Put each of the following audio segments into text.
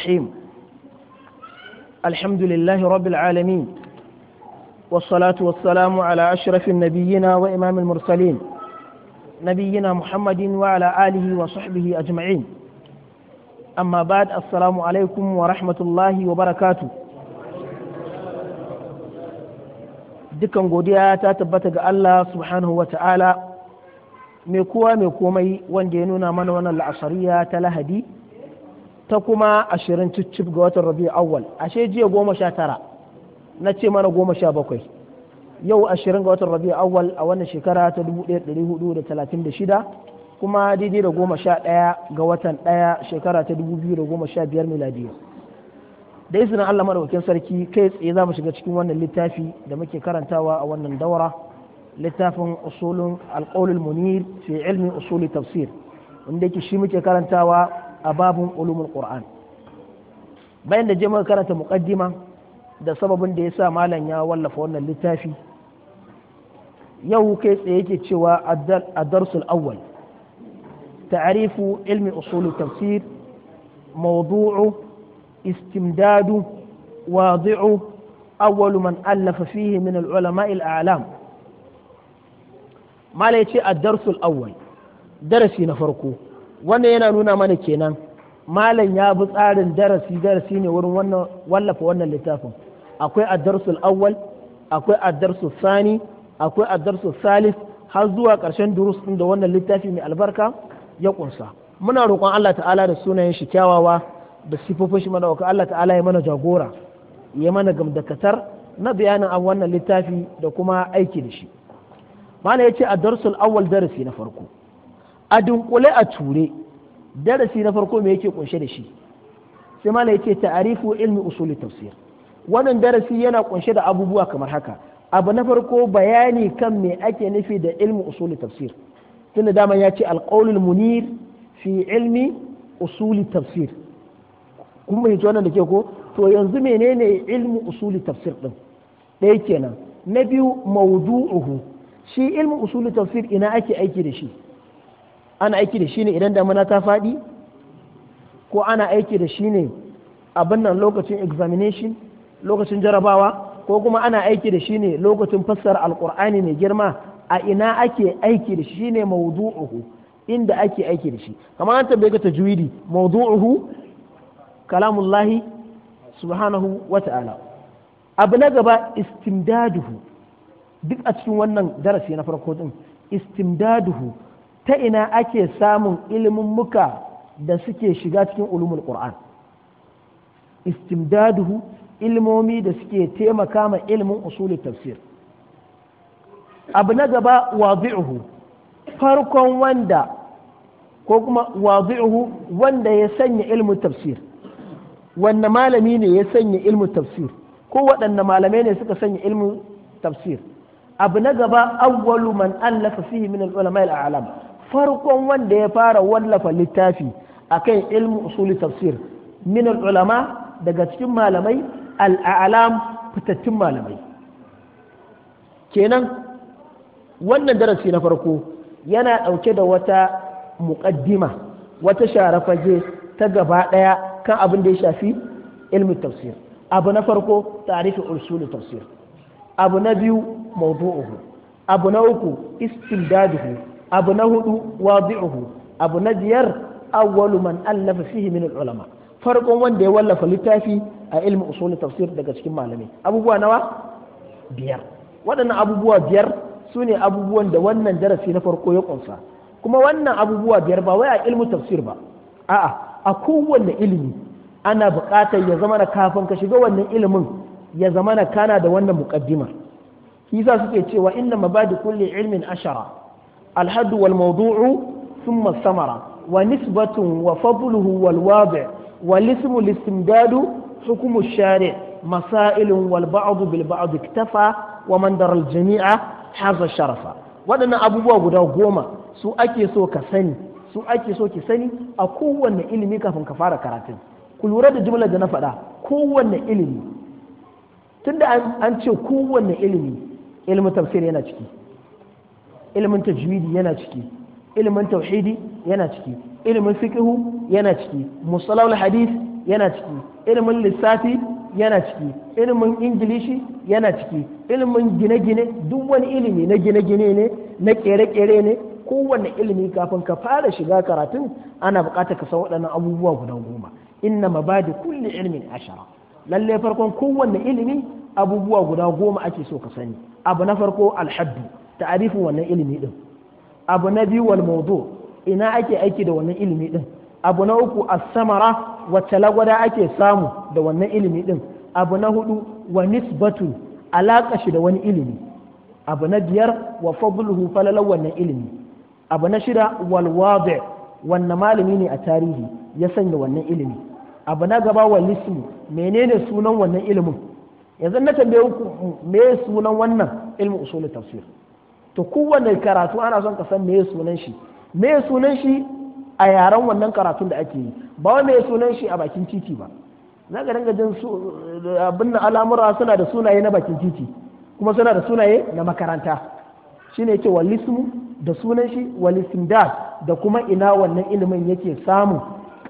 الرحيم الحمد لله رب العالمين والصلاة والسلام على أشرف النبيين وإمام المرسلين نبينا محمد وعلى آله وصحبه أجمعين أما بعد السلام عليكم ورحمة الله وبركاته dukan godiya ta tabbata ga Allah subhanahu wa ta'ala mai kowa mai komai wanda ya nuna mana wannan la'asariya ta lahadi ta kuma ashirin cicif ga watan rabi awwal ashe jiya goma sha tara na ce mana goma sha bakwai yau ashirin ga watan rabi awwal a wannan shekara ta dubu ɗaya ɗari hudu da talatin da shida kuma daidai da goma sha ɗaya ga watan ɗaya shekara ta dubu biyu da goma sha biyar miladiya da izinin Allah madaukakin sarki kai tsaye za mu shiga cikin wannan littafi da muke karantawa a wannan daura littafin usulun alqaulul munir fi ilmi usuli tafsir wanda yake shi muke karantawa a babun ulumul qur'an bayan da je muka karanta muqaddima da sababin da yasa malam ya wallafa wannan littafi yau kai tsaye yake cewa a darsul awwal ta'rifu ilmi usul tafsir mawdu'u istimdadu wadi'u awwal man allafa fihi min al-ulama al-a'lam mala ce ad-darsul awwal darasi na farko wannan yana nuna mana kenan malam ya bi tsarin darasi darasi ne wurin wannan wallafa wannan littafin akwai addarsul awwal akwai addarsul sani akwai addarsul salis har zuwa ƙarshen durus da wannan littafi mai albarka ya ƙunsa muna roƙon Allah ta'ala da sunayen shi kyawawa da sifofin shi madawaka Allah ta'ala ya mana jagora ya mana gamdakatar na bayanin a wannan littafi da kuma aiki da shi malam ya ce a awwal darasi na farko a dunkule a ture darasi na farko me yake kunshe da shi sai mala yace ta'arifu ilmi usuli tafsir wannan darasi yana kunshe da abubuwa kamar haka abu na farko bayani kan me ake nufi da ilmi usuli tafsir tunda dama ya ce alqaulul munir fi ilmi usuli tafsir kun fahimci wannan da ke ko to yanzu menene ilmi usuli tafsir din ɗaya kenan na biyu mawdu'uhu shi ilmi usuli tafsir ina ake aiki da shi ana aiki da shi ne idan damuna ta faɗi ko ana aiki da shi ne abin nan lokacin examination lokacin jarabawa ko kuma ana aiki da shi ne lokacin fassara alkur'ani mai girma a ina ake aiki da shi ne mawudu'uhu inda ake aiki da shi kamar an tabbai ka tajwidi kalamun kalamullahi subhanahu wa ta'ala abu na gaba istimdaduhu duk a cikin wannan darasi na farko din istimdaduhu ta ina ake samun ilmummuka muka da suke shiga cikin ulumul qur'an istimdaduhu ilmomi da suke taimaka ma ilmin usuli tafsir abu na gaba wadi'uhu farkon wanda ko kuma wanda ya sanya ilmin tafsir wanne malami ne ya sanya ilmin tafsir ko waɗanne malamai ne suka sanya ilmin tafsir abu na gaba awwalu man allafa fihi min al-ulama al-a'lam farkon wanda ya fara wallafa littafi akan ilmu usuli tafsir min ulama daga cikin malamai al'alam fitattun malamai kenan wannan darasi na farko yana ɗauke da wata muƙaddima wata sharafage ta gaba ɗaya kan abin da ya shafi ilmin tafsir abu na farko tarihi usuli tafsir abu na biyu mawdu'uhu abu na uku istimdaduhu abu na hudu wadi'uhu abu na biyar awwalu man allafa fihi min ulama farkon wanda ya wallafa littafi a ilmi usul tafsir daga cikin malami abubuwa nawa biyar waɗannan abubuwa biyar sune abubuwan da wannan darasi na farko ya kunsa kuma wannan abubuwa biyar ba wai a ilmu tafsir ba a'a a kowanne ilimi ana buƙatar ya zama na kafin ka shiga wannan ilimin ya zama na kana da wannan muƙaddima shi yasa suke cewa inna mabadi kulli ilmin ashara الحد والموضوع ثم الثمرة ونسبة وفضله والواضع والاسم الاستمداد حكم الشارع مسائل والبعض بالبعض اكتفى ومن درى الجميع حاز الشرفة waɗannan abubuwa guda goma su ake so ka sani su ake so ki sani a kowanne ilimi kafin ka fara karatun ku lura da jimlar da na faɗa kowanne ilimi tunda an ce kowanne ilimi ilimin tafsir yana ciki ilimin tajwidi yana ciki ilimin tauhidi yana ciki ilimin fiqhu yana ciki musalahul hadith yana ciki ilimin lissafi yana ciki ilimin ingilishi yana ciki ilimin gine-gine duk wani ilimi na gine-gine ne na kere-kere ne kowanne ilimi kafin ka fara shiga karatun ana buƙatar ka san waɗannan abubuwa guda goma inna mabadi kulli ilmin ashara lalle farkon kowanne ilimi abubuwa guda goma ake so ka sani abu na farko alhaddu ta'arifin wannan ilimi din abu na biyu wal mawdu ina ake aiki da wannan ilimi din abu na uku as-samara wacce lagwada ake samu da wannan ilimi din abu na hudu wa nisbatu alaka shi da wani ilimi abu na biyar wa fadluhu falalar wannan ilimi abu na shida wal wadi' wannan malami ne a tarihi ya sanya wannan ilimi abu na gaba wal ismu menene sunan wannan ilimin yanzu na tambaye ku me sunan wannan ilmin usul tafsir to kowane karatu ana son ka san meye sunan shi meye sunan shi a yaran wannan karatun da ake yi ba wai meye sunan shi a bakin titi ba za ka dinga jin abin al'amura suna da sunaye na bakin titi kuma suna da sunaye na makaranta shine yake walismu da sunan shi walisinda da da kuma ina wannan ilimin yake samu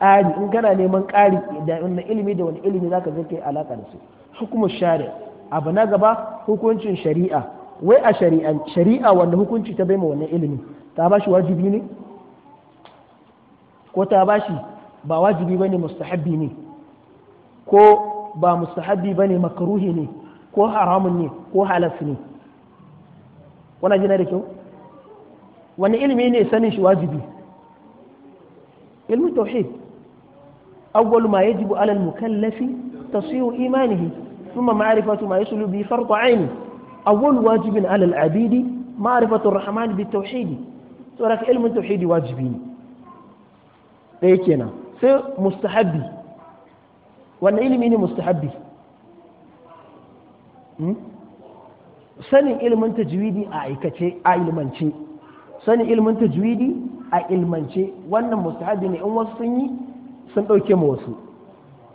ƙari in kana neman ƙari da wannan ilimi da wani ilimi zaka je kai alaka da su Hukumar shari'a abu na gaba hukuncin shari'a wai a shari'a shari'a wanda hukunci ta baima wannan ilimi ta ba shi wajibi ne ko ta ba shi ba wajibi bane mustahabbi ne ko ba mustahabbi bane makruhi ne ko haramun ne ko halas ne wannan jina da kyau wani ilimi ne sanin shi wajibi ilmin tauhid awwal ma yajibu ala al-mukallafi tasiyu imanihi thumma ma'rifatu ma yasulu bi farḍ 'aini awwal wajibin alal abidi ma'rifatu rahman bit tauhidi saboda ilmin tauhidi wajibi ne ɗaya kenan sai mustahabbi wannan ilimi ne mustahabbi sanin ilmin tajwidi a aikace a ilmance sanin ilmin tajwidi a ilmance wannan mustahabi ne in wasu sunyi yi sun ɗauke ma wasu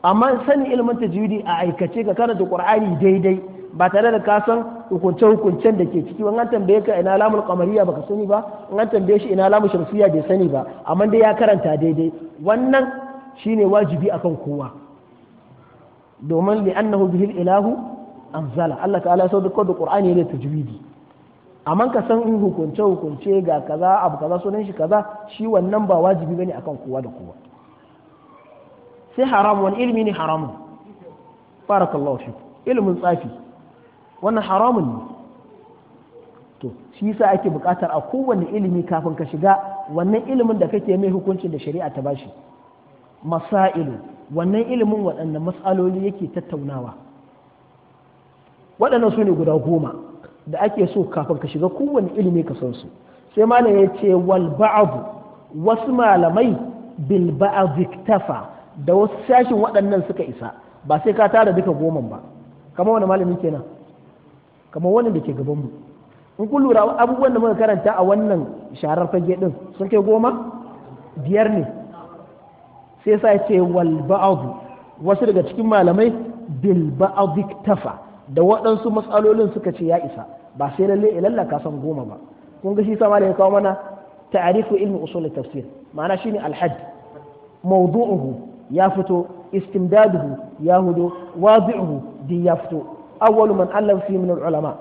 amma sanin ilmin tajwidi a aikace ka karanta qur'ani daidai ba tare da kasan hukunce hukuncen da ke ciki wani an tambaye ka ina lamul ba baka sani ba in an tambaye shi ina lamul shamsiya bai sani ba amma dai ya karanta daidai wannan shine wajibi akan kowa domin li annahu bihil ilahu amzala Allah ta'ala ya sauka da Qur'ani ne tajwidi amma ka san in hukunce hukunce ga kaza abu kaza sunan shi kaza shi wannan ba wajibi bane akan kowa da kowa sai haram wani ilimi ne haramun barakallahu ilimin tsafi wannan haramun ne to shi yasa ake buƙatar a kowanne ilimi kafin ka shiga wannan ilimin da kake mai hukuncin da shari'a ta bashi masailu wannan ilimin waɗannan matsaloli yake tattaunawa waɗannan su ne guda goma da ake so kafin ka shiga kowane ilimi ka san su sai malam ya ce wal ba'adu wasu malamai bil iktafa da wasu sashin waɗannan suka isa ba sai ka tara duka goman ba kama wani malamin kenan kamar wannan da ke gabanmu in kun lura abubuwan da muka karanta a wannan sharar fage din sun kai goma biyar ne sai sa ce wal ba'adu wasu daga cikin malamai bil tafa da waɗansu matsalolin suka ce ya isa ba sai lalle ilalla ka san goma ba kun ga shi sama da ya kawo mana ta'arifu ilmi usul tafsir ma'ana shine al-hadd mawdu'uhu ya fito istimdaduhu ya hudo wadi'uhu din ya fito awwalu man allam fi min ulama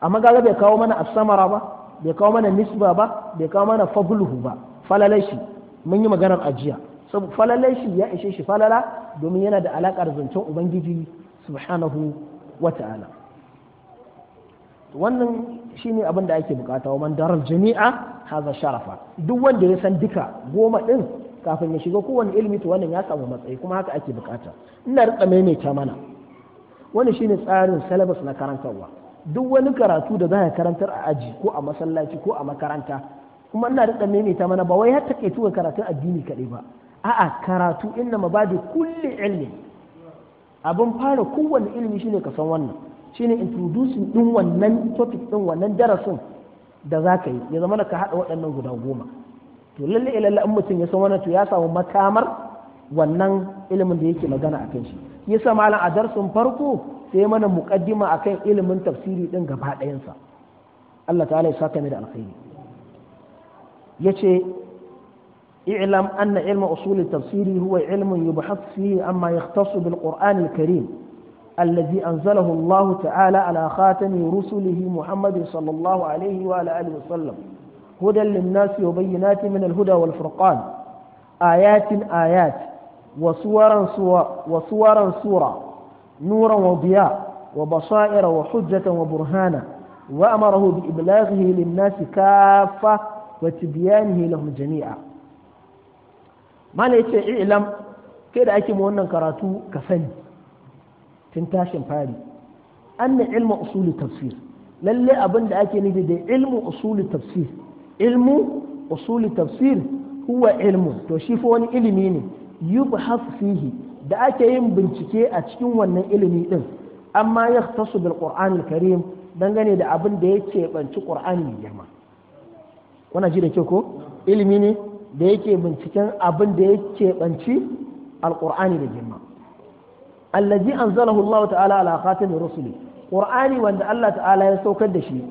amma kaga bai kawo mana as-samara ba bai kawo mana nisba ba bai kawo mana fadluhu ba falalashi mun yi maganar ajiya saboda falalashi ya ishe shi falala domin yana da alakar zancen ubangiji subhanahu wa ta'ala wannan shine abin da ake bukata wa man darar jami'a haza sharafa duk wanda ya san duka goma din kafin ya shiga kowanne ilimi to wannan ya samu matsayi kuma haka ake bukata ina rika maimaita mana wani shine tsarin syllabus na karantarwa duk wani karatu da za a karantar a aji ko a masallaci ko a makaranta kuma ina da ta mana ba wai har ke tuka karatun addini kaɗai ba a'a karatu inna mabadi kulli ilmi abin fara kowanne ilimi shine ka san wannan shine introducing din wannan topic din wannan darasin da za ka yi ya zama ka haɗa waɗannan guda goma to lalle ilalla in mutum ya san wannan to ya samu makamar wannan ilimin da yake magana a kan shi yasa malam a darsin farko sai mana muqaddima akan ilimin tafsiri din gaba ɗayansa Allah ta'ala ya saka mai da alkhairi yace اعلم أن علم أصول التفسير هو علم يبحث فيه عما يختص بالقرآن الكريم الذي أنزله الله تعالى على خاتم رسله محمد صلى الله عليه وعلى آله وسلم هدى للناس وبينات من الهدى والفرقان آيات آيات وصورا صورا وصورا صورا نورا وضياء وبصائر وحجة وبرهانا وأمره بإبلاغه للناس كافة وتبيانه لهم جميعا ما ليس إعلم كده أكي موانا كراتو كفن تنتاشن فاري أن علم أصول التفسير للي أبن أكي نجد علم أصول التفسير علم أصول التفسير هو علم توشيفوني ميني yubhas fihi da ake yin bincike a cikin wannan ilimi din amma yahtasu bil qur'anil karim dangane da abin da ya keɓanci qur'ani mai girma kuna ji da ke ko ilimi ne da yake binciken abin da ya keɓanci alqur'ani da girma allazi anzalahu Allah ta'ala ala khatamir rusuli qur'ani wanda Allah ta'ala ya saukar da shi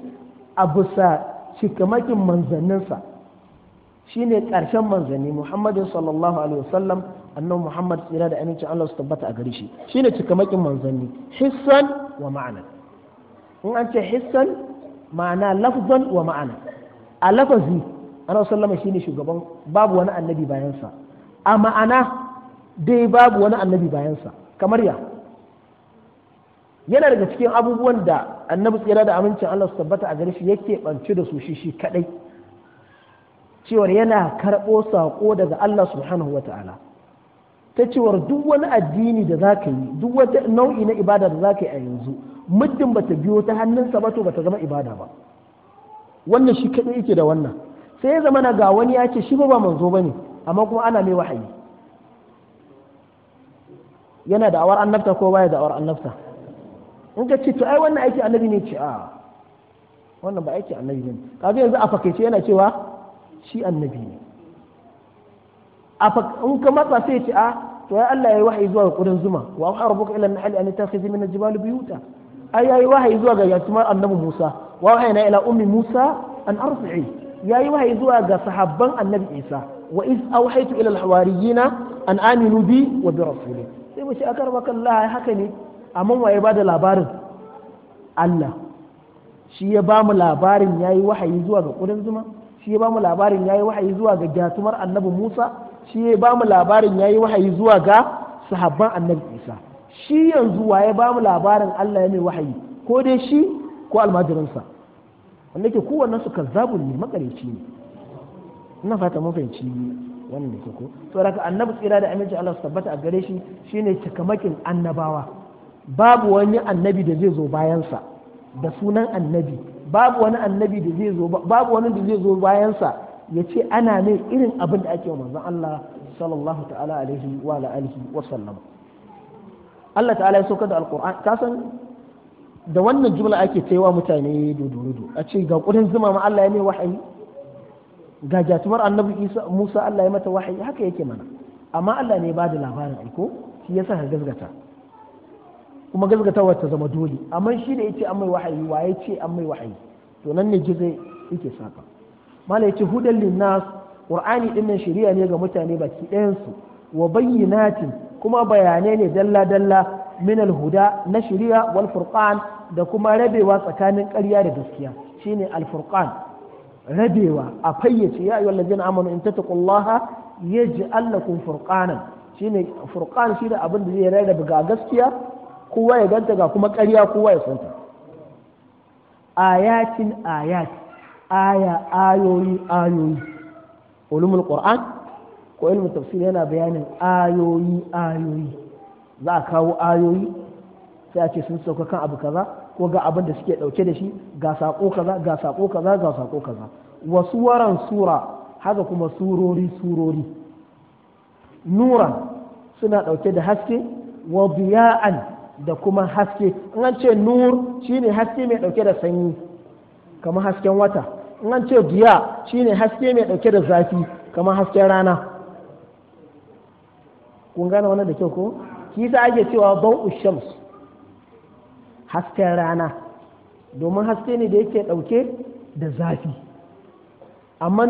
a bisa cikamakin manzanninsa shine karshen manzanni Muhammadu sallallahu alaihi wasallam annabi Muhammad tsira da amincin Allah su tabbata a gare shi shine cikamakin manzanni hissan wa ma'ana in an ce hissan ma'ana lafzan wa ma'ana a lafazi annabi sallama shine shugaban babu wani annabi bayansa a ma'ana dai babu wani annabi bayansa kamar ya yana daga cikin abubuwan da annabi tsira da amincin Allah su tabbata a gare shi yake bance da su shi shi kadai cewar yana karɓo saƙo daga Allah subhanahu wa ta'ala ta cewar duk wani addini da za ka yi duk wata nau'i na ibada da za ka yi a yanzu muddin ba ta biyo ta hannunsa ba to ba ta zama ibada ba wannan shi kaɗai yake da wannan sai ya zama ga wani ya ce shi ba ba manzo ba ne amma kuma ana mai wahayi yana da awar annabta ko baya da awar annabta in ka ce to ai wannan aiki annabi ne ce a wannan ba aiki annabi ne kaga yanzu a fakaice yana cewa shi annabi ne a in ka matsa sai ce a ah, to ya Allah ya yi wahayi zuwa ga kudin zuma wa an harabuka ila na nahal an takhidhi min al-jibali buyuta ai yayi wahayi zuwa ga yatuma annabi Musa wa wahayna ila ummi Musa an arfi'i yayi wahayi zuwa ga sahabban annabi Isa wa iz awhaytu ila al-hawariyina an aminu bi wa bi rasuli sai mu ce akarbaka Allah haka ne amma waye ba da labarin Allah shi ya ba mu labarin yayi wahayi zuwa ga kudin zuma shi ya bamu labarin yayi wahayi zuwa ga jatumar annabi Musa shi ya bamu labarin yayi wahayi zuwa ga sahabban annabi Isa shi yanzu wa bamu labarin Allah ya mai wahayi ko dai shi ko almajiransa wanda ke kowannen su kazzabun ne makareci ne ina fata mun fahimci wannan da ke ko saboda haka annabi tsira da aminci Allah su tabbata a gare shi shine cikamakin annabawa babu wani annabi da zai zo bayansa da sunan annabi babu wani annabi da zai zo babu wani da zai zo bayansa ya ce ana ne irin abin da ake manzon Allah sallallahu ta'ala alaihi wa alihi wa sallam Allah ta'ala ya saukar da alquran ka san da wannan jumla ake cewa mutane dododo a ce ga kudin zuma ma Allah ya ne wahayi ga jatumar annabi Isa Musa Allah ya mata wahayi haka yake mana amma Allah ne ba da labarin aiko shi yasa ka gazgata kuma gazgatawa ta zama dole amma shi da yace an mai wahayi wa yace an mai wahayi to nan ne gizai yake saka mala yace hudan linnas qur'ani din nan shari'a ne ga mutane baki ɗayan su wa bayyinatin kuma bayanai ne dalla dalla min alhuda na shari'a wal furqan da kuma rabewa tsakanin ƙarya da gaskiya shine al furqan rabewa a fayyace ya ayyuhal ladzina amanu in tattaqullaha yaj'al lakum furqanan shine furqan shi da abin da zai rarrabe ga gaskiya kowa ya ganta ga kuma ƙarya kowa ya santa ayatin ayat aya ayoyi ayoyi ulumul qur'an ko ilmu tafsir yana bayanin ayoyi ayoyi za a kawo ayoyi sai a ce sun sauka kan abu kaza ko ga abin da suke dauke da shi ga sako kaza ga sako kaza ga sako kaza wa suwaran sura haka kuma surori surori nuran suna dauke da haske wa biya'an da kuma haske in an ce nur shine haske mai dauke da sanyi kamar hasken wata in an ce diya shine haske mai dauke da zafi kamar hasken rana kun gane wannan da kyau ko ki za ake cewa bau shams hasken rana domin haske ne da yake dauke da zafi amma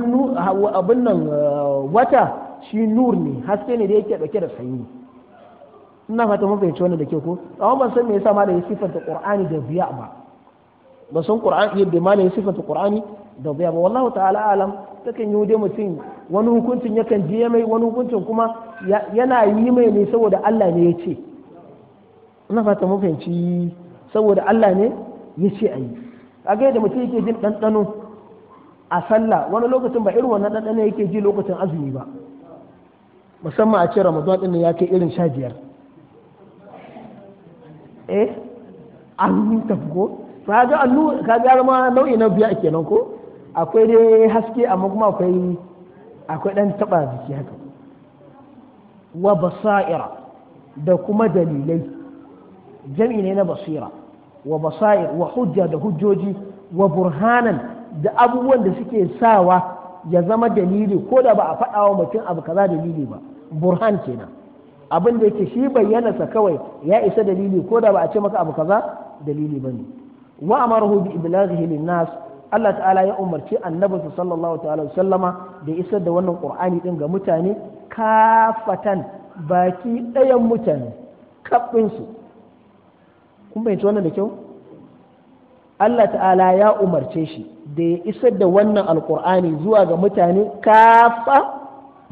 abin nan eh, wata shi nur ne haske ne da yake dauke da sanyi ina fata mun fahimci wannan da ke ko amma ban san me yasa malai ya sifanta qur'ani da biya ba ba san qur'ani yadda malai ya sifanta qur'ani da biya ba wallahi ta'ala alam takan yi dai mutum wani hukuncin yakan je mai wani hukuncin kuma yana yi mai ne saboda Allah ne ya ce ina fata mun fahimci saboda Allah ne ya ce a yi kaga yadda mutum yake jin ɗanɗano a sallah wani lokacin ba irin wannan ɗanɗano yake ji lokacin azumi ba musamman a ce ramadan ɗin ya kai irin sha biyar eh allutan ko kaga allu kaga ma nau'i na biya kenan ko akwai dai haske amma kuma akwai akwai dan taba jiki haka wa basaira da kuma dalilai jami ne na basira wa basair wa hujja da hujjoji wa burhanan da abubuwan da suke sawa ya zama dalili ko da ba a faɗawa mutum abu kaza dalili ba burhan kenan abin da yake shi bayyanarsa kawai ya isa dalili ko da ba a ce maka abu kaza dalili bane wa amarahu bi iblaghihi linnas Allah ta'ala ya umarci annabinsa sallallahu ta'ala sallama da isar da wannan qur'ani din ga mutane kafatan baki ɗayan mutane kaɓin su kun bayyana wannan da kyau Allah ta'ala ya umarce shi da ya isar da wannan alqur'ani zuwa ga mutane kafa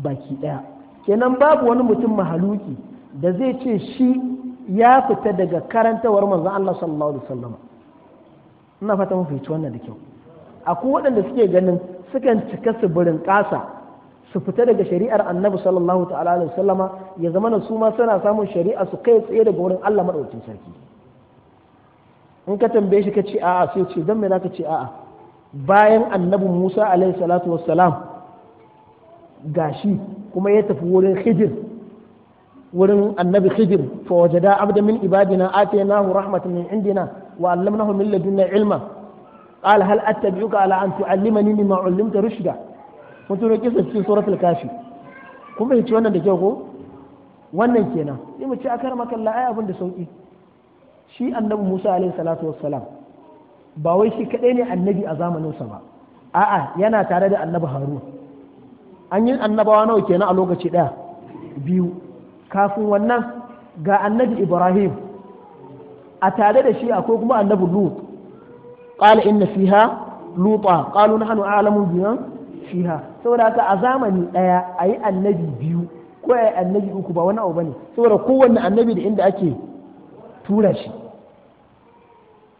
baki ɗaya kenan babu wani mutum mahaluki da zai ce shi ya fita daga karantawar manzon Allah sallallahu alaihi wasallam ina fata mun fahimci wannan da kyau akwai waɗanda suke ganin sukan cika su birin ƙasa su fita daga shari'ar annabi sallallahu alaihi wasallama ya zama na su ma suna samun shari'a su kai tsaye daga wurin Allah madaukakin sarki in ka tambaye shi ka ce a'a sai ce dan me zaka ce a'a bayan annabi Musa alaihi salatu wassalam gashi kuma ya tafi wurin hijir wurin annabi hijir fa wajada abda min ibadina atainahu rahmatan min indina wa allamnahu min ladunna ilma qala hal attabi'uka ala an tu'allimani mimma 'allamta rushda kun tuno kisa cikin suratul kafi kun fahimci wannan da kyau ko wannan kenan sai mu ce akar makalla ai abin da sauki shi annabi Musa alaihi salatu wassalam ba wai shi kadai ne annabi a zamaninsa ba a'a yana tare da annabi Harun an yi annabawa nawa kenan a lokaci ɗaya biyu kafin wannan ga annabi ibrahim a tare da shi akwai kuma annabi lut qala inna fiha luta qalu nahnu a'lamu biyan fiha saboda haka a zamani ɗaya a yi annabi biyu ko a yi annabi uku ba wani abu bane saboda kowanne annabi da inda ake tura shi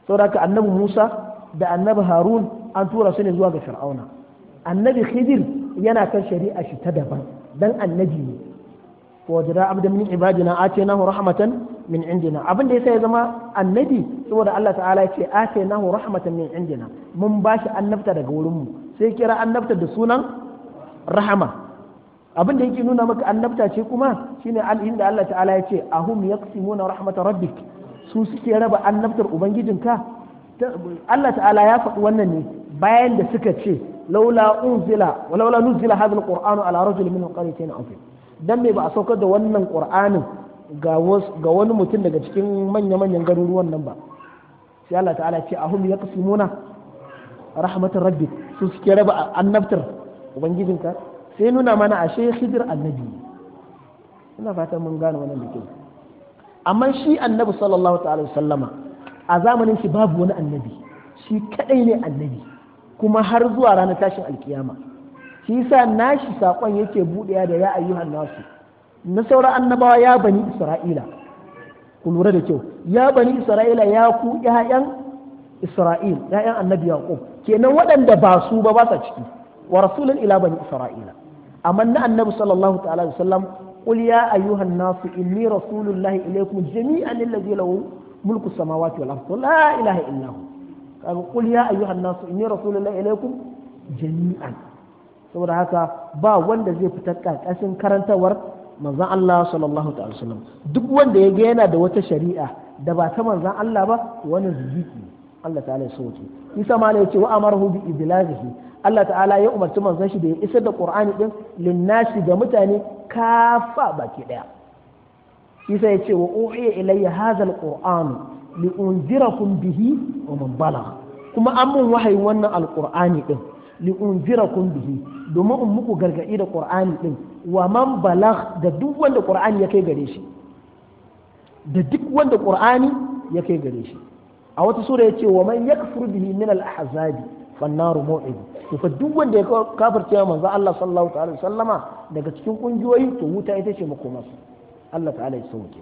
saboda haka annabi musa da annabi harun an tura su ne zuwa ga fir'auna annabi khidir yana kan shari'a shi ta daban dan annabi ne wa jira abdan min ibadina atainahu rahmatan min indina abin da yasa ya zama annabi saboda Allah ta'ala ya ce atainahu rahmatan min indina mun bashi annabta daga wurin mu sai kira annabta da sunan rahama abin da yake nuna maka annabta ce kuma shine al'in da Allah ta'ala ya ce ahum yaqsimuna rahmata rabbik su suke raba annabtar ubangijinka Allah ta'ala ya faɗi wannan ne bayan da suka ce laula unzila wa laula nuzila hadha alqur'anu ala rajul min alqaryatayn azim dan me ba a saukar da wannan qur'anin ga wani mutum daga cikin manya manyan garuruwan nan ba sai Allah ta'ala ce ahum yaqsimuna rahmatar rabbik su suke raba annabtar ubangijinka sai nuna mana ashe khidir annabi ina fatan mun gane wannan da kyau amma shi annabi sallallahu a zamanin shi babu wani annabi shi kadai ne annabi kuma har zuwa ranar tashin alkiyama shi yasa nashi sakon yake buɗewa da ya ayyuhan nasu na sauran annabawa ya bani isra'ila ku lura da kyau ya bani isra'ila ya ku ƴaƴan isra'il ƴaƴan annabi yaqub kenan waɗanda ba su ba ba sa ciki wa rasulun ila bani isra'ila amma na annabi sallallahu ta'ala alaihi wasallam qul ya ayyuhan nasu inni rasulullahi ilaykum jami'an alladhi lahu mulku samawati wal ardi la ilaha illa huwa kaga qul ya ayyuhan nasu inni rasulullahi ilaikum jami'an saboda haka ba wanda zai fitar karkashin karantawar manzon Allah sallallahu ta'ala duk wanda ya ga yana da wata shari'a da ba ta manzon Allah ba wani ziki Allah ta'ala ya sauke isa ma ya ce wa amarhu bi idlazihi Allah ta'ala ya umarci manzon shi da ya isar da Qur'ani din linnasi ga mutane kafa baki daya isa ya ce wa uhiya ilayya hadha alquran li unzirakum bihi wa man balagha kuma an mun wahayin wannan alqur'ani din li unzirakum bihi domin in muku gargaɗi da qur'ani din wa man balagh da duk wanda qur'ani ya kai gare shi da duk wanda qur'ani ya kai gare shi a wata sura ya ce wa man yakfur bihi min al ahzabi fannaru maw'idu duk wanda ya kafirce manzo Allah sallallahu alaihi wasallama daga cikin kungiyoyi to wuta ita ce makomarsa Allah ta'ala ya sauke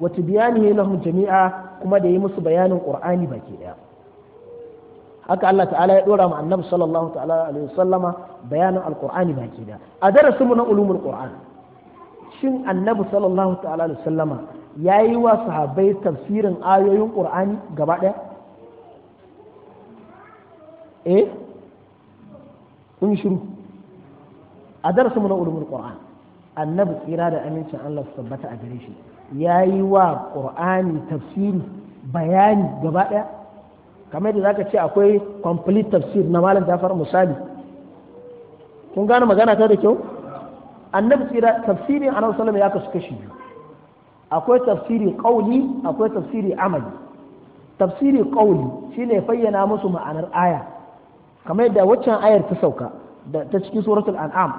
wa tibyanihi lahum jami'a kuma da yi musu bayanin qur'ani baki daya haka Allah ta'ala ya dora mu annabi sallallahu ta'ala alaihi wasallama bayanin alqur'ani baki daya a darasin mu na ulumul qur'an shin annabi sallallahu ta'ala alaihi wasallama yayi wa sahabbai tafsirin ayoyin qur'ani gaba daya eh kun shiru a darasin mu na ulumul qur'an annabi tsira da amincin Allah su tabbata a gare shi ya yi wa ƙur'ani tafsiri bayani gaba ɗaya kamar da zaka ce akwai complete tafsir na malam jafar misali kun gane magana ta da kyau annabi tsira tafsirin annabi sallallahu ya kasu kashi biyu akwai tafsiri qauli akwai tafsiri amali tafsiri qauli shine fayyana musu ma'anar aya kamar yadda waccan ayar ta sauka da ta cikin suratul an'am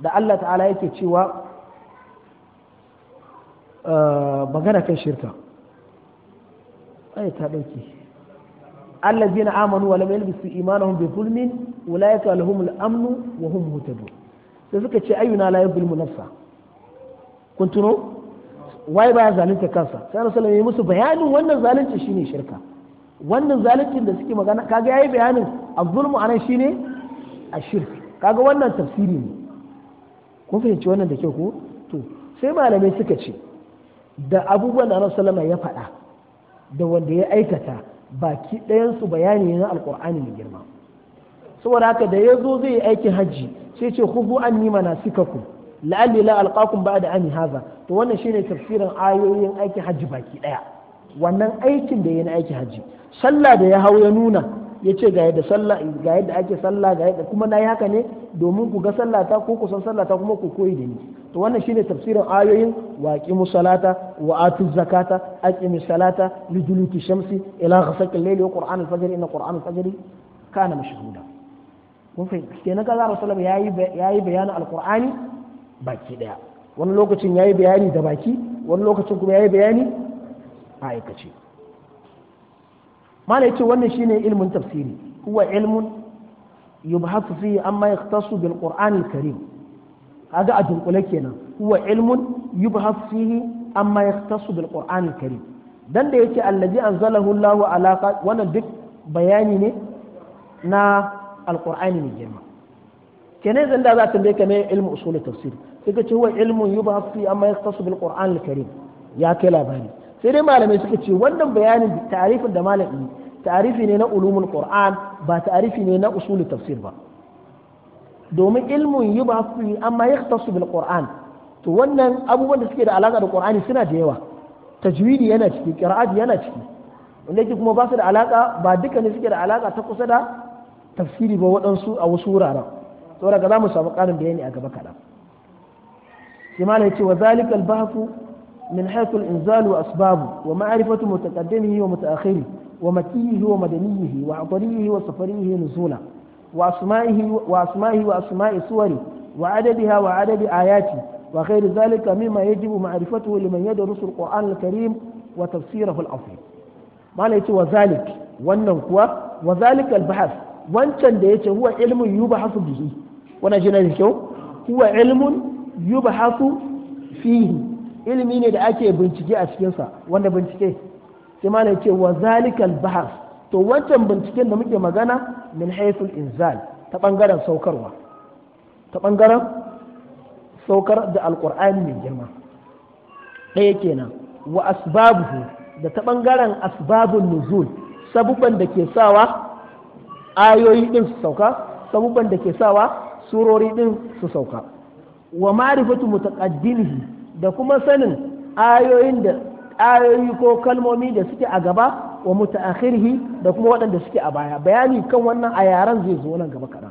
da Allah ta'ala yake cewa magana kan shirka ai ta dauke allazina amanu wa lam yalbisu imanahum bi zulmin ulaika lahumul amnu wa hum muhtadun sai suka ce ayyuna la yuzlimu nafsa kun tuno wai ba zalunta kansa sai rasulullah ya musu bayanin wannan zalunci shine shirka wannan zalunci da suke magana kaga yayi bayanin az-zulmu anan shine ashirk kaga wannan tafsiri ne kun fahimci wannan da kyau ko to sai malamai suka ce da abubuwan da sallama ya faɗa da wanda ya aikata baki ɗayansu bayani na alƙur'ani mai girma saboda haka da ya zo zai yi aikin hajji sai ce hudu an nima na sikaku la'alli la ba ba'da ami haza to wannan shine tafsirin ayoyin aikin hajji baki ɗaya wannan aikin da ya na aikin hajji sallah da ya hau ya nuna ya ce ga yadda sallah ga yadda ake sallah ga yadda kuma na yi haka ne domin ku ga sallah ta ko ku san sallah ta kuma ku koyi da ni to wannan shine tafsirin ayoyin wa aqimu salata wa atu zakata aqimu salata li duluki shamsi ila ghasaqi al-layli wa qur'an al-fajr inna qur'an al-fajr kana mashhuda kun fahimta kenan kaza rasulullahi yayi yayi bayanin al-qur'ani baki daya wani lokacin yayi bayani da baki wani lokacin kuma yayi bayani a aikace mala yace wannan shine ilmin tafsiri huwa ilmun yubhasu fihi amma yahtassu bil qur'anil karim kaga a dunkule kenan huwa ilmun yubhasu fihi amma yahtassu bil qur'anil karim dan da yake allazi anzalahu Allahu ala wannan duk bayani ne na alqur'ani ne girma kenan zan da za a ka mai ilmu usul tafsir sai ka ce huwa ilmun yubhasu fihi amma karim ya kai labari sai dai malamai suka ce wannan bayanin tarifin da malami tarifi ne na ulumul qur'an ba tarifi ne na usul tafsir ba domin ilmun yi ba su amma ya tasu bil qur'an to wannan abubuwan da suke da alaka da qur'ani suna da yawa tajwidi yana ciki qira'at yana ciki wanda yake kuma ba su da alaka ba duka ne suke da alaka ta kusa da tafsiri ba waɗansu a wasu wuraren to daga za mu samu ƙarin bayani a gaba kaɗan sai malam ya ce wa zalikal bahfu من حيث الإنزال وأسبابه ومعرفة متقدمه ومتأخره ومكيه ومدنيه وعطريه وسفريه نزولا وأسمائه وأسمائه وأسماء سوره وعددها وعدد آياته وغير ذلك مما يجب معرفته لمن يدرس القرآن الكريم وتفسيره العظيم ما ليت وذلك wannan kuwa wa zalikal bahas wancan da yace huwa ilmun yubahasu bihi wannan jina da kyau huwa ilmun yubahasu fihi ilimi ne da ake bincike a cikinsa wanda bincike sai malam ce wa zalikal bahar to wancan binciken da muke magana min haythul inzal ta bangaren saukarwa ta bangaren saukar da alqur'ani mai girma ɗaya kenan wa asbabuhu da ta bangaren asbabun nuzul sabubban da ke sawa ayoyi din su sauka sabubban da ke sawa surori din su sauka wa ma'rifatu mutaqaddimihi da kuma sanin ayoyin da ayoyi ko kalmomi da suke a gaba wa mutaakhirhi da kuma waɗanda suke a baya bayani kan wannan a yaran zai zo nan gaba kaɗan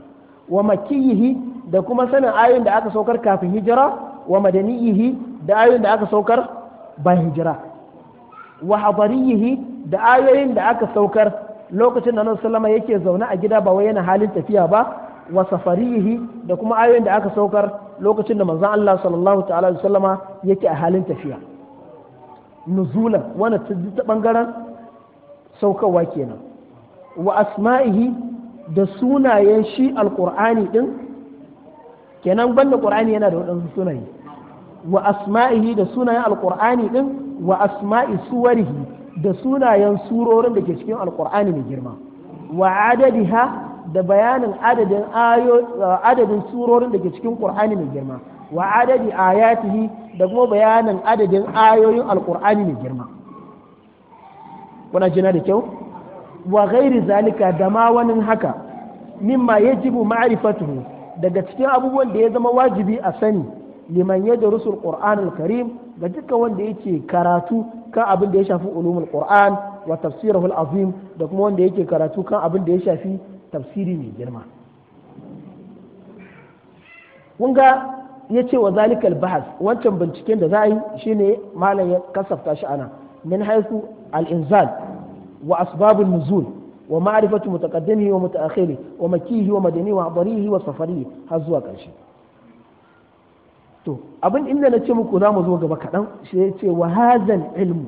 wa makiyihi da kuma sanin ayoyin da aka saukar kafin hijira wa madaniyihi da ayoyin da aka saukar bayan hijira wa hadariyihi da ayoyin da aka saukar lokacin da nan sallama yake zaune a gida ba wai yana halin tafiya ba wa safariyihi da kuma ayoyin da aka saukar lokacin da manzon Allah sallallahu ta'ala alaihi wasallama yake a halin tafiya nuzulan wani ta bangaren saukawa kenan wa asma'ihi da sunayen shi alqur'ani din kenan banda qur'ani yana da wadansu sunaye wa asma'ihi da sunayen alkur'ani din wa asma'i suwarihi da sunayen surorin da ke cikin alkur'ani mai girma wa adadiha da bayanin adadin adadin surorin da ke cikin Qur'ani mai girma wa adadi ayatihi da kuma bayanin adadin ayoyin alqur'ani mai girma kuna jina da kyau wa ghairi zalika da ma wani haka mimma yajibu ma'rifatuhu daga cikin abubuwan da ya zama wajibi a sani liman yadrusu al Karim, ga duka wanda yake karatu kan abin da ya shafi ulumul qur'an wa tafsirahu azim da kuma wanda yake karatu kan abin da ya shafi tafsiri mai girma kun ga ya ce wa zalikal bahas wancan binciken da za a yi shine malam ya kasafta shi ana min haifu al-inzal wa asbabun nuzul wa ma'arifatu mutaqaddimihi wa mutaakhirihi wa makihi wa madani wa hadarihi wa safari har zuwa ƙarshe. to abin inda na ce muku za mu zo gaba kaɗan shi ya ce wa hazan ilmu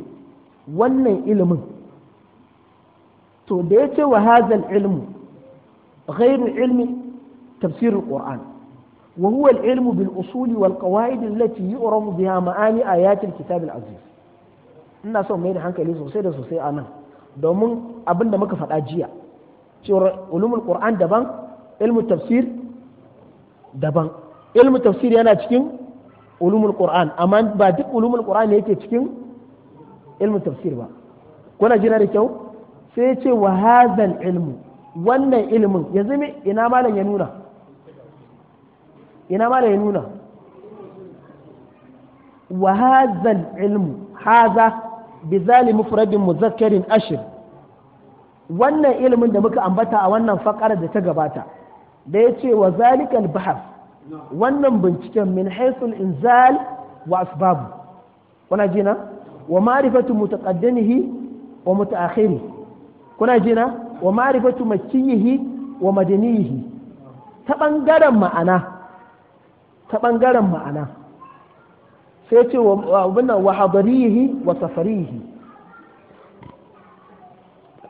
wannan ilimin to da ya ce wa hazan ilmu غير علم تفسير القرآن وهو العلم بالأصول والقواعد التي يعرف بها معاني آيات الكتاب العزيز ina son mai da hankali sosai da sosai a nan domin abin da muka faɗa jiya cewar ulumul qur'an daban ilmu tafsir daban ilmu tafsir yana cikin ulumul qur'an amma ba duk ulumul qur'an yake cikin ilmu tafsir ba kuna jira da kyau sai ce wa hadhal ilmu wannan ilimin yanzu me ina malam ya nuna ina malam ya nuna wa ilmu haza? bi zali mufradin muzakkarin ashir wannan ilimin da muka ambata a wannan fakar da ta gabata da ya ce wa zalikal bahar wannan binciken min haisul inzal wa asbabu kuna jina wa ma'rifatu mutaqaddimihi wa mutaakhiri kuna jina wa ma'rifatu makkiyihi wa madaniyihi ta bangaren ma'ana ta bangaren ma'ana sai ce wa abin wa hadariyihi wa safariyihi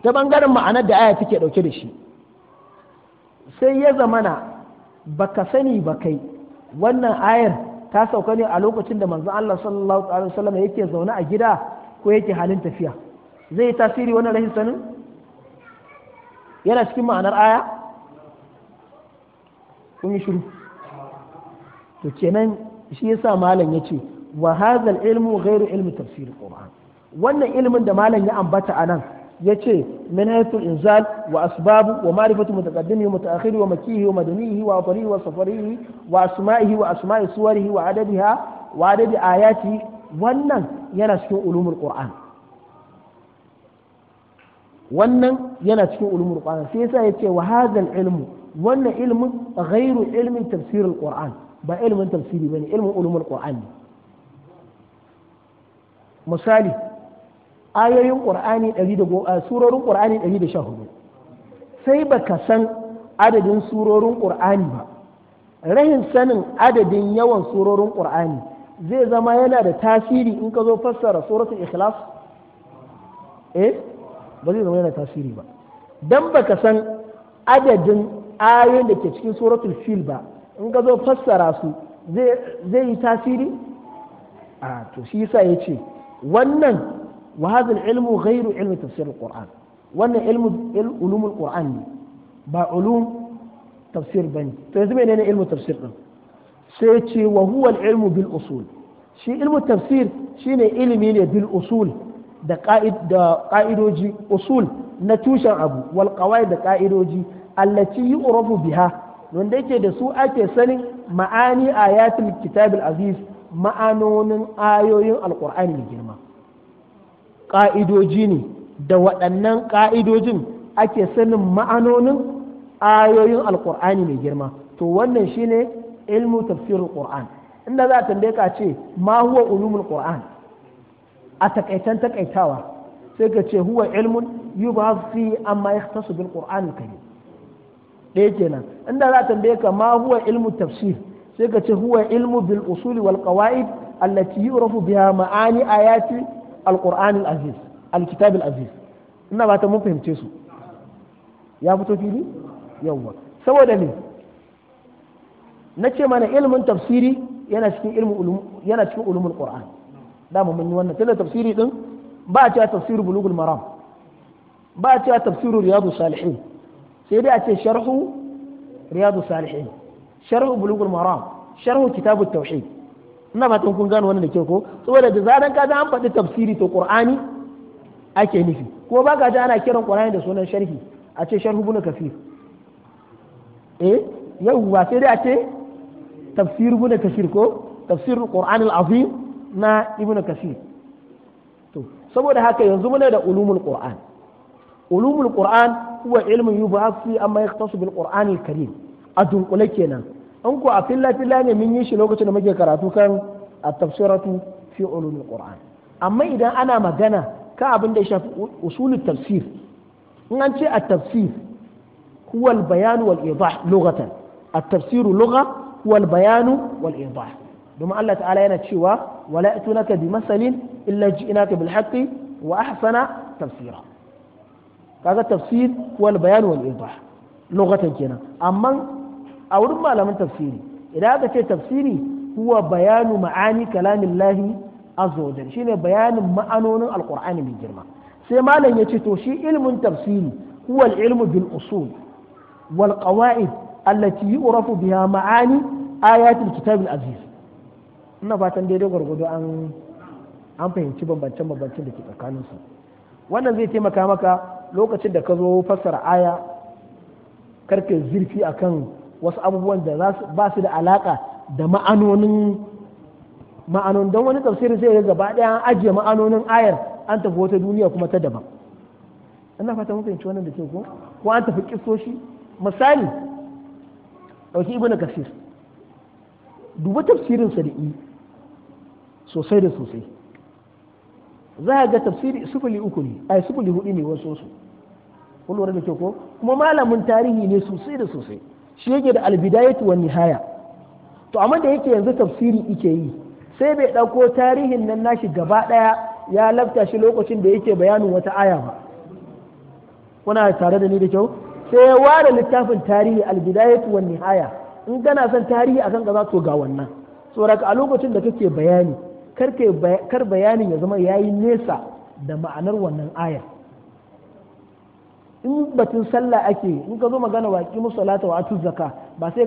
ta bangaren ma'anar da aya take dauke da shi sai ya zamana baka sani ba kai wannan ayar ta sauka ne a lokacin da manzon Allah sallallahu alaihi wasallam yake zaune a gida ko yake halin tafiya zai tasiri wannan rashin sanin yana cikin ma'anar aya kun yi shiru to kenan shi yasa malam ya wa wahazal ilmu ghairu ilmu tafsir quran wannan ilmin da malam ya ambata a anan ya ce haythu inzal wa asbabu wa ma'rifatu mutaqaddimihi wa mutaakhirihi wa makihi wa madanihi wa atarihi wa safarihi wa asma'ihi wa asma'i suwarihi wa adadiha wa adadi ayati wannan yana cikin ulumul qur'an wannan yana cikin ulumul qur'an sai yasa yace wa hadal ilmu wannan ilmin ghairu ilmin tafsirul qur'an ba ilmin tafsiri bane ilmin ulumul qur'an misali ayoyin qur'ani 100 eh, surorin qur'ani 114 sai baka san adadin surorin qur'ani ba rahin sanin adadin yawan surorin qur'ani zai zama yana da tasiri in ka zo fassara suratul ikhlas eh ba zai zama yana tasiri ba dan baka san adadin ayoyin da ke cikin suratul fil ba in ka zo fassara su zai yi tasiri a to shi yasa ya ce wannan wa hadhal ilmu ghairu ilmi tafsir alquran wannan ilmu ulumul qur'an ne ba ulum tafsir bane to yanzu menene ilmu tafsir din sai ce wa huwa ilmu bil usul shi ilmu tafsir shine ilimi ne bil usul da ƙa'idoji usul na tushen abu wal da ƙa'idoji allaci yi urafu biha wanda yake da su ake sanin ma'ani a ayatul kitabil aziz ma'anonin ayoyin alƙur'ani mai girma ƙa'idoji ne da waɗannan ƙa'idojin ake sanin ma'anonin ayoyin alƙur'ani mai girma to wannan shine ilmu tafsirin qur'an inda za a tambaye ka ce ma huwa ulumul qur'an a takaitan takaitawa sai ka ce huwa ilmun yubhas fi amma bin bil ka yi ɗaya kenan inda za a tambaye ka ma huwa ilmu tafsir sai ka ce huwa ilmu bil usuli wal qawaid allati yurafu biha ma'ani ayati al qur'an aziz al kitab al aziz ina ba ta mun fahimce su ya fito fili yawwa saboda ne na ce mana ilmin tafsiri yana cikin ilmu yana cikin ulumul qur'an dama mun yi wannan tunda tafsiri din ba a cewa tafsirul bulugul maram ba a cewa tafsirul riyadu salihin sai dai a ce sharhu riyadu salihin sharhu bulugul maram sharhu kitabut tauhid ina fatan kun gano wannan da ke ko saboda da zaran ka an faɗi tafsiri to qur'ani ake nufi kuma ba ka ji ana kiran qur'ani da sunan sharhi a ce sharhu bunu kafir eh yau ba sai dai a ce tafsir bunu kafir ko tafsirul qur'anil azim na ibnu kasir to saboda haka yanzu muna da ulumul qur'an ulumul qur'an huwa ilmin yubhath fi amma yahtasu bil qur'ani karim a dunkule kenan an ko a filla filla ne mun yi shi lokacin da muke karatu kan at-tafsiratu fi ulumul qur'an amma idan ana magana ka abin da ya shafi usulul tafsir in an ce at-tafsir huwa al-bayan wal idah lughatan at-tafsir lugha huwa al-bayan wal idah domin Allah ta'ala yana cewa wala atunaka bi masalin illa ji'naka bil haqqi wa ahsana tafsira kaga tafsir wal bayan wal idah lughatan kenan amma a wurin malaman tafsiri idan aka ce tafsiri huwa bayanu ma'ani kalamillahi azza shine bayanin ma'anonin alqur'ani mai girma sai malam ya ce to shi ilmin tafsiri huwa al-ilmu bil usul wal qawa'id allati yu'rafu biha ma'ani ayatul kitab al-aziz ina fatan daidai gwargwado an an fahimci bambancin bambancin da ke tsakanin su wannan zai taimaka maka lokacin da ka zo fassara aya karke zurfi akan wasu abubuwan da ba su da alaka da ma'anonin ma'anonin don wani tafsiri sai ya gaba ɗaya an ajiye ma'anonin ayar an tafi wata duniya kuma ta daban ina fata mun fahimci wannan da ke ko ko an tafi kissoshi misali dauki ibnu kasir duba tafsirin sa da i sosai da sosai za a ga tafsiri sufuli uku ne ai sufuli hudu ne wasu su kulwar da ke ko kuma malamin tarihi ne sosai da sosai shi yake da albidayatu wa nihaya to amma da yake yanzu tafsiri ike yi sai bai ɗauko tarihin nan nashi gaba ɗaya ya lafta shi lokacin da yake bayanin wata aya ba kuna tare da ni da kyau sai ya ware littafin tarihi albidayatu wa nihaya in kana son tarihi akan gaba to ga wannan saboda a lokacin da kake bayani kar bayanin ya zama ya yi nesa da ma'anar wannan ayar in batun sallah ake in ka zo magana wa ki musallata wa atu ba sai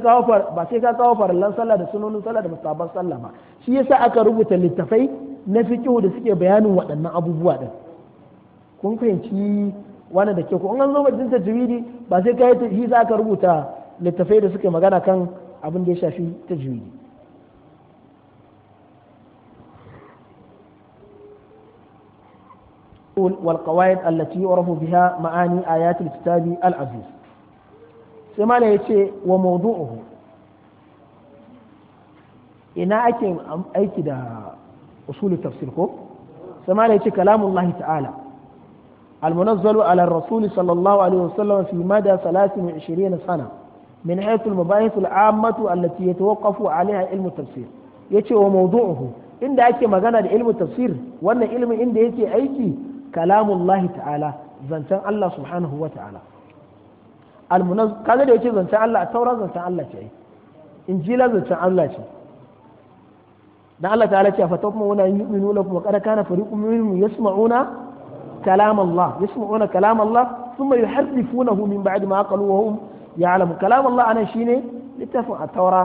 ka kawo farallan sallah da sunonin sallah da mustaban sallah ba shi yasa aka rubuta littafai na fiqh da suke bayanin waɗannan abubuwa din kun fahimci wani da ke ko an zo majalisa tajwidi ba sai ka yi shi za ka rubuta littafai da suke magana kan abin da ya shafi tajwidi والقواعد التي يعرف بها معاني آيات الكتاب العزيز سما لا يتي وموضوعه ina ake aiki da usul tafsir ko sama da yace kalamullah ta'ala المنزل على الرسول صلى الله عليه وسلم في مدى 23 سنة من حيث المباحث العامة التي يتوقف عليها علم التفسير يتي وموضوعه إن ake magana da ilmu tafsir wannan ilimin inda yake aiki kalamullahi ta'ala zancen Allah subhanahu wa ta'ala almunaz kaga da yake zancen Allah taura zancen Allah ce injila zancen Allah ce dan Allah ta'ala ce fa tawma wana yu'minu lakum wa qad kana fariqun minhum yasma'una kalam Allah yasma'una kalam Allah thumma yuharrifunahu min ba'di ma qalu wa hum ya'lamu kalam Allah ana shine littafin at-taura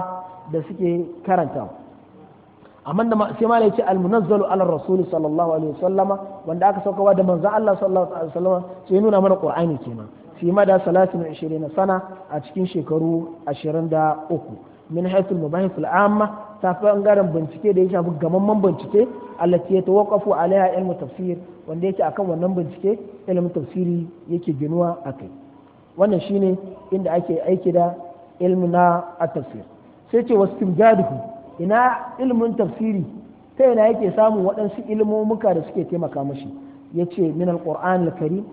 da suke karantawa amma da sai malai ce almunazzalu ala rasul sallallahu alaihi wasallama wanda aka saukawa da manzon Allah sallallahu alaihi wasallama sai nuna mana qur'ani kenan fi ma da 30 sana a cikin shekaru 23 min haythu mubahith al'amma ta bangaren bincike da ya shafi gamamman bincike allati ya tawaqqafu alaiha ilmu tafsir wanda yake akan wannan bincike ilmu tafsiri yake ginuwa akai wannan shine inda ake aiki da ilmu na at-tafsir sai ce wastimjaduhu ina ilmin tafsiri ta ina yake samun waɗansu ilmomuka da suke taimaka mashi ya ce min alƙur'an karim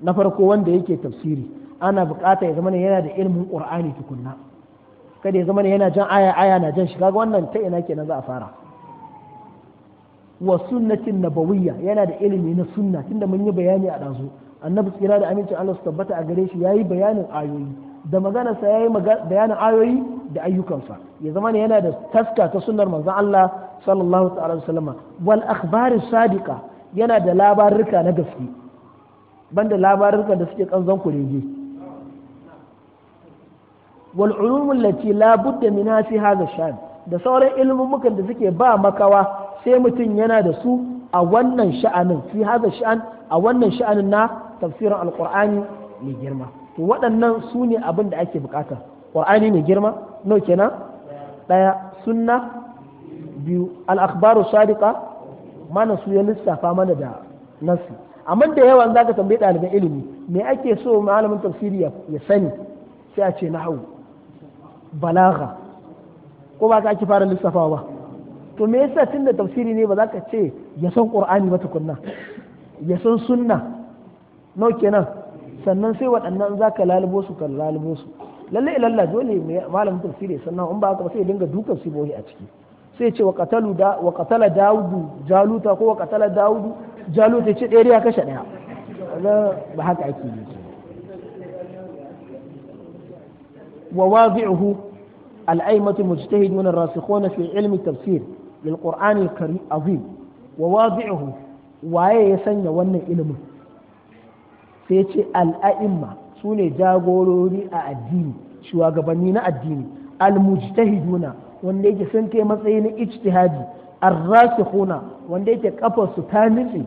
na farko wanda yake tafsiri ana buƙata ya zama yana da ilmin ƙur'ani tukunna kada ya zama yana jan aya aya na jan shiga wannan ta ina kenan za a fara wa sunnatin nabawiyya yana da ilimi na sunna tunda mun yi bayani a ɗazu annabi tsira da amincin Allah su tabbata a gare shi yayi bayanin ayoyi da maganarsa yayi bayanin ayoyi da ayyukansa ya zama ne yana da taska ta sunnar manzon Allah sallallahu ta'ala wasallama wal akhbari sadiqa yana da labarurka na gaske banda labarurka da suke kanzon kurege wal ulum allati la budda minha fi hadha shan da sauran ilmumukan da suke ba makawa sai mutum yana da su a wannan sha'anin fi hadha sha'an a wannan sha'anin na tafsirin alqur'ani mai girma to waɗannan su ne abin da ake bukata qur'ani mai girma no kenan ɗaya sunna biyu al sadiqa mana su ya lissafa mana da nasu amma da yawa zaka tambayi ɗaliban ilimi me ake so malamin tafsiri ya sani sai a ce hau balagha ko ba ka ake fara lissafawa ba to me yasa tunda tafsiri ne ba za ka ce ya san qur'ani ba tukunna ya san sunna no kenan sannan sai waɗannan za ka lalubo su ka lalubo su lalle ilalla dole malamin tafsiri sannan in ba haka ba sai dinga dukan sibohi a ciki sai ce wa qatalu da wa qatala daudu jaluta ko wa qatala daudu jaluta ce ɗaya ya kashe ɗaya ba haka ake yi wa wazi'uhu al-aimatu mujtahid min ar-rasikhuna fi ilmi tafsir lil qur'ani al-karim azim wa wazi'uhu waye ya sanya wannan ilimin sai ce al su ne jagorori a addini shugabanni na addini almujtahiduna wanda yake sun kai matsayi na ijtihadi arrasikhuna wanda yake kafar su ta nitsi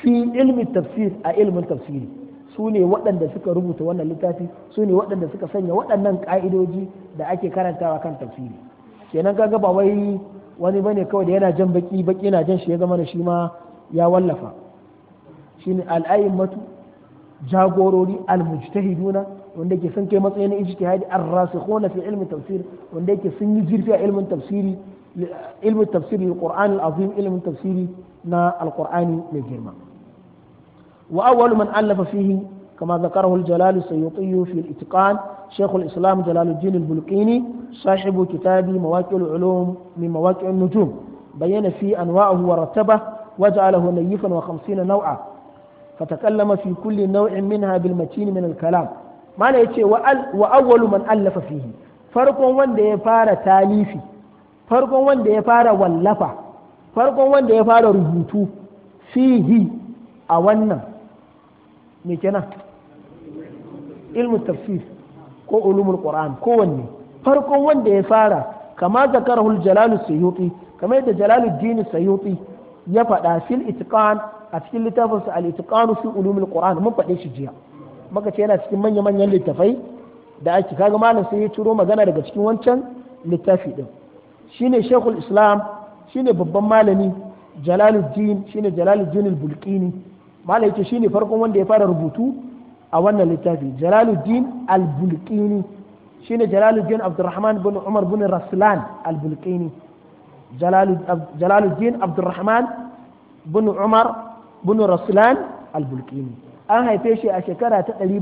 fi ilmi tafsir a ilmin tafsiri su ne waɗanda suka rubuta wannan littafi su ne waɗanda suka sanya waɗannan ka'idoji da ake karantawa kan tafsiri kenan kaga ba wai wani bane kawai da yana jan baki baki na jan shi ya zama da shi ma ya wallafa shine matu. جاغوروري المجتهدون وندا كي سن كاي متساي ني اجتهاد الراسخون في علم التفسير وندا كي سن ني علم التفسير علم التفسير للقران العظيم علم التفسير نا القران لجيرما واول من الف فيه كما ذكره الجلال السيوطي في الاتقان شيخ الاسلام جلال الدين البلقيني صاحب كتاب مواقع العلوم من مواقع النجوم بين فيه انواعه ورتبه وجعله نيفا وخمسين نوعا fatakallama mafi kulli nau'in minha bil matin min al kalam mala yace wa awwalu man allafa fihi farkon wanda ya fara talifi farkon wanda ya fara wallafa farkon wanda ya fara rubutu fihi a wannan me kenan ilmu tafsir ko ulumul qur'an kowanne farkon wanda ya fara kama zakarahul jalalu suyuti kamar yadda jalaluddin suyuti ya faɗa fil itqan a cikin littafinsa sa al-itqanu fi ulumil qur'an mun faɗe shi jiya muka ce yana cikin manya manyan littafai da ake kaga malam sai ya turo magana daga cikin wancan littafi din shine shekul islam shine babban malami jalaluddin shine jalaluddin al-bulqini malai yake shine farkon wanda ya fara rubutu a wannan littafi jalaluddin al-bulqini shine jalaluddin abdurrahman bin umar bin raslan al-bulqini jalaluddin abdurrahman bin umar bin Raslan al an haife shi a shekara ta ɗari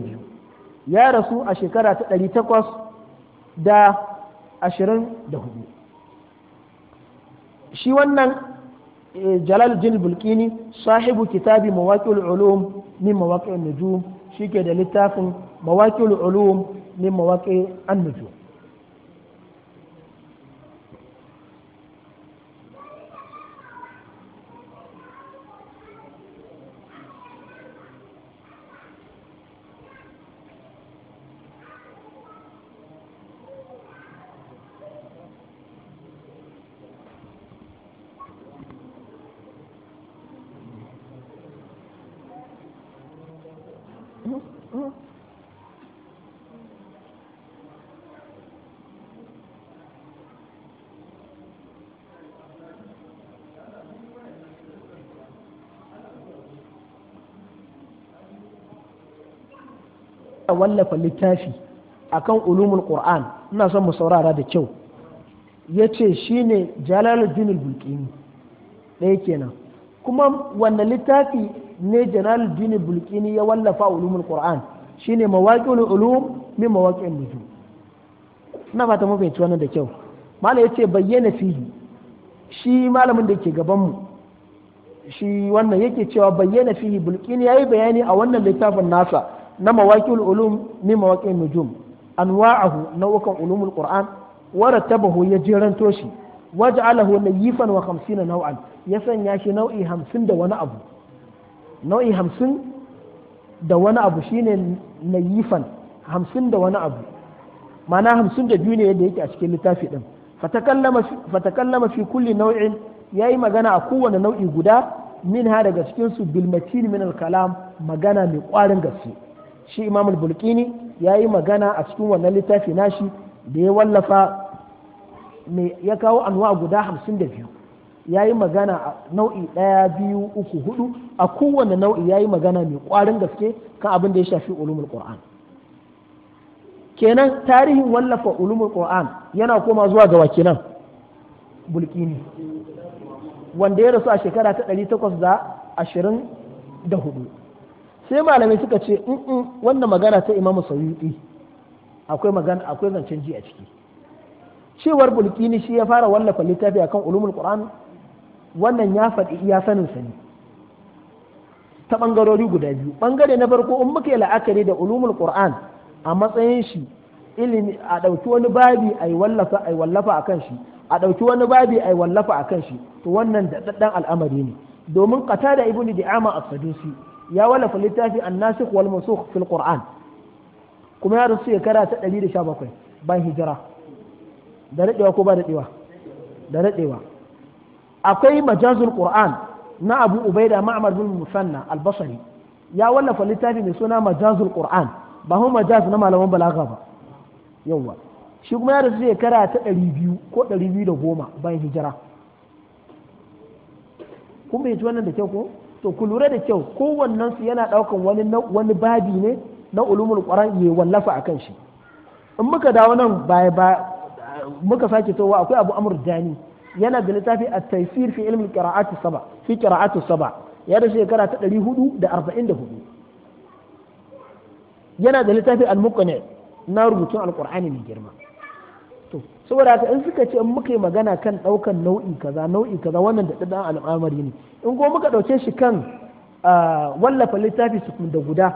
biyu ya rasu a shekara ta ɗari da da ashirin hudu. shi wannan eh, Jalal Jin Bulqini sahibu kitabi mawaqil ulum min mawaqil Shi ke da littafin mawaqil ulum min mawaqil an-nujum a wallafa littafi akan ulumul qur'an ina son mu saurara da kyau yace shine jalaluddin al-bulqini ɗaya kenan kuma wanda littafi ne jalaluddin al-bulqini ya wallafa ulumul qur'an shine mawaƙin ulum min mawaƙin nujum ina fata mu fahimci wannan da kyau malam yace bayyana fihi shi malamin da ke gaban mu shi wannan yake cewa bayyana fihi ya yi bayani a wannan littafin nasa na mawaƙil ulum min mawaƙil nujum anwa'ahu nau'ukan ulumul qur'an wa rattabahu ya jiranto shi waj'alahu layifan wa 50 nau'an ya sanya shi nau'i 50 da wani abu nau'i 50 da wani abu shine layifan 50 da wani abu ma'ana hamsin da biyu ne yadda yake a cikin littafi din fatakallama fatakallama fi kulli nau'in yayi magana a kowane nau'i guda min ha daga cikin su bil min al kalam magana mai kwarin gaske shi imam al-bulqini yayi magana a cikin wannan littafi nashi da ya wallafa mai ya kawo anwa guda 52 yayi magana a nau'i ɗaya biyu uku hudu a kowane nau'i yayi magana mai ƙwarin gaske kan abin da ya shafi ulumul qur'an kenan tarihin wallafa ulumul qur'an yana koma zuwa ga wakilan bulkini wanda ya rasu a shekara ta 824 sai malamai suka ce in mm, mm, wannan magana ta imamu sayuɗi akwai magana akwai zancen ji a ciki cewar bulkini shi ya fara wallafa littafi akan ulumul qur'an wannan ya faɗi iya sanin sani ta bangarori guda biyu bangare na farko in muka yi la'akari da ulumul qur'an a matsayin shi ilimi a ɗauki wani babi a yi wallafa a yi wallafa akan shi a ɗauki wani babi a yi wallafa akan shi to wannan da al'amari ne domin qatada ibnu di'ama as-sadusi ya wallafa littafi an-nasikh wal mansukh fil qur'an kuma ya rasu shekara ta 117 ban hijira da dadewa ko ba dadewa da radewa akwai majazul qur'an na abu ubaida ma'mar bin musanna al-basri ya wallafa littafi mai suna majazul qur'an ba hu majaz na malaman balaga ba yawa shi kuma ya rasu shekara ta 200 ko 210 ban hijira kun bai ci wannan da kyau ko to ku lura da kyau kowannen su yana daukan wani wani babi ne na ulumul qur'an ya wallafa akan shi in muka dawo nan baya ba muka sake towa akwai abu amr dani yana da littafi at-taysir fi ilmi qira'ati saba fi qira'ati saba ya da shekara ta 444 yana da littafi al-muqni na rubutun al-qur'ani mai girma saboda haka in suka ce in muka yi magana kan ɗaukan nau'i kaza nau'i kaza wannan da ɗan al'amari ne in ko muka ɗauke shi kan wallafa littafi su da guda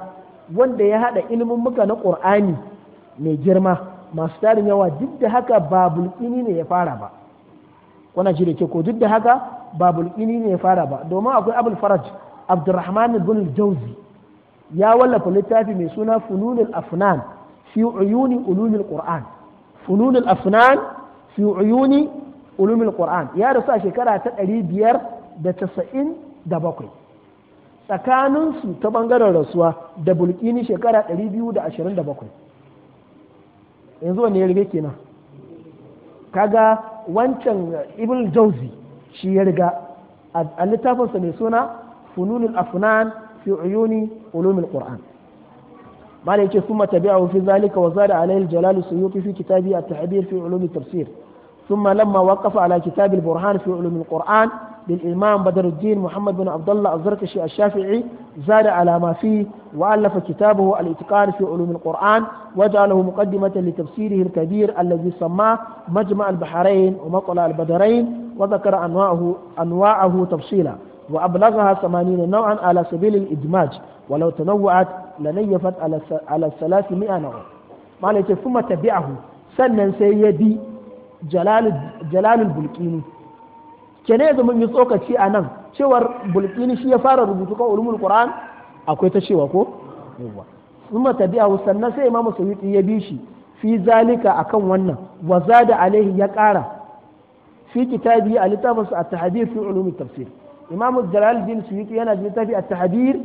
wanda ya haɗa ilimin muka na ƙur'ani mai girma masu tarin yawa duk da haka ba bulƙini ne ya fara ba kuna ji da ke ko duk da haka ba bulƙini ne ya fara ba domin akwai abul faraj abdurrahman bin jauzi ya wallafa littafi mai suna fununul afnan fi uyuni ulumil qur'an Fununin afnan fi uyuni qur'an ya rasu shekara ta ɗari biyar da casa'in da bakwai tsakaninsu ta bangaren rasuwa da bulkini shekara ɗari biyu da ashirin da bakwai yanzu wanne ya riga kenan kaga wancan ibn jauzi shi ya riga a littafinsa mai suna fununul afnan fi uyuni qur'an ما يجي ثم تبعه في ذلك وزاد عليه الجلال السيوطي في كتابه التعبير في علوم التفسير ثم لما وقف على كتاب البرهان في علوم القرآن للإمام بدر الدين محمد بن عبد الله الزركشي الشافعي زاد على ما فيه وألف كتابه الاتقان في علوم القرآن وجعله مقدمة لتفسيره الكبير الذي سماه مجمع البحرين ومطلع البدرين وذكر أنواعه, أنواعه تفصيلا وأبلغها ثمانين نوعا على سبيل الإدماج ولو تنوعت lanayyafat ala salasi mi'a nawa malai ce kuma tabi'ahu sannan sai ya bi jalalul bulkini kenan yanzu mun yi tsokaci a nan cewar bulkini shi ya fara rubutu kan ulumul qur'an akwai ta cewa ko kuma tabi'ahu sannan sai imamu sayyidi ya bi shi fi zalika akan wannan wa zada alaihi ya kara. fi kitabi a littafinsa at-tahdhir fi ulumit tafsir imamu jalal bin suyuti yana da littafi at-tahdhir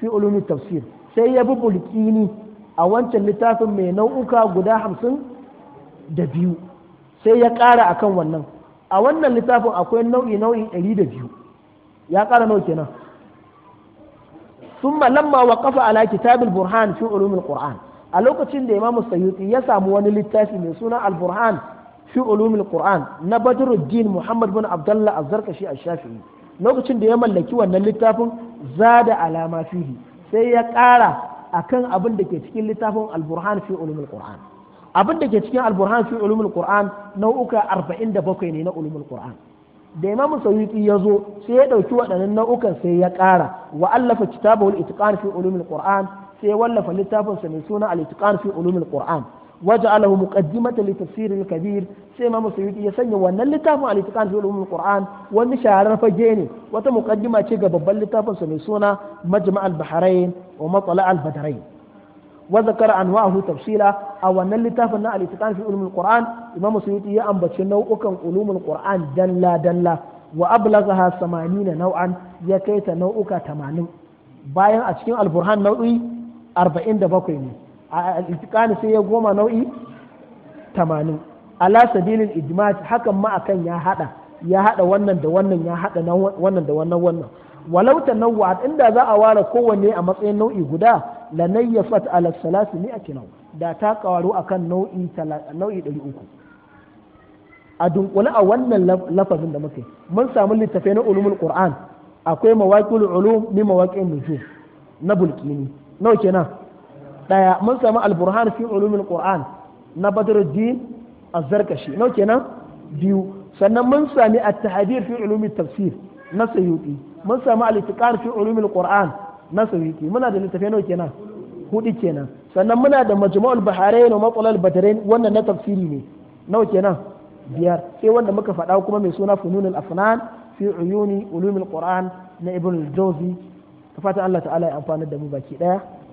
fi ulumit tafsir sai ya bi bulkini a wancan littafin mai nau'uka guda hamsin da biyu sai ya ƙara a kan wannan a wannan littafin akwai nau'i nau'in ɗari da biyu ya ƙara nau kenan sun lamma wa kafa ala kitabul burhan fi ulumul qur'an a lokacin da imamu sayyuti ya samu wani littafi mai suna al-burhan fi ulumul qur'an na badruddin muhammad bin abdullah az-zarkashi ash-shafi'i lokacin da ya mallaki wannan littafin zada alama fihi sai ya ƙara kan abin da ke cikin littafin alburhan burhan fi ulumul qur'an abin da ke cikin alburhan burhan fi ulumul qur'an nau'uka bakwai ne na ulumul qur'an da imamu sauyuti ya zo sai ya ɗauki waɗannan nau'ukan sai ya ƙara wa allafa kitabul itqan fi ulumul qur'an sai wallafa littafin sa mai suna al-itqan fi ulumul qur'an وجعله مقدمة لتفسير الكبير سيما مسيوتي يسني وان اللتاف على الاتقان في علوم القرآن وان شعر فجيني وتمقدمة شيء ببال اللتاف سميسونا مجمع البحرين ومطلع البدرين وذكر أنواعه تفصيلا أو أن اللتاف على الاتقان في علوم القرآن إمام سيوتي يأنبت نوعكم علوم القرآن دلا دلا وأبلغها ثمانين نوعا يكيت نوعك ثمانين bayan a cikin alburhan nau'i 47 ne al-itiqani sai ya goma nau'i 80 ala sabilil ijma' hakan ma akan ya hada ya hada wannan da wannan ya hada wannan da wannan wannan walau tanawwa'at inda za a ware kowanne a matsayin nau'i guda la nayyafat ala salasi mi'ati naw da ta kawaro akan nau'i nau'i 300 a dunkule a wannan lafazin da muke mun samu littafai na ulumul qur'an akwai mawaqil ulum ni mawaqil nujum na bulkini nawa kenan daya mun samu alburhan fi ulumul qur'an na badruddin az-zarkashi nau kenan biyu sannan mun sami at-tahdir fi ulumit tafsir na sayyuti mun samu al-itiqar fi ulumul qur'an na sayyuti muna da littafai nau kenan hudu kenan sannan muna da majmu'ul baharain wa matsalal badarain wannan na tafsiri ne nau kenan biyar sai wanda muka faɗa kuma mai suna fununul afnan fi uyuni ulumul qur'an na ibn al-jawzi fata Allah ta'ala ya amfana da mu baki daya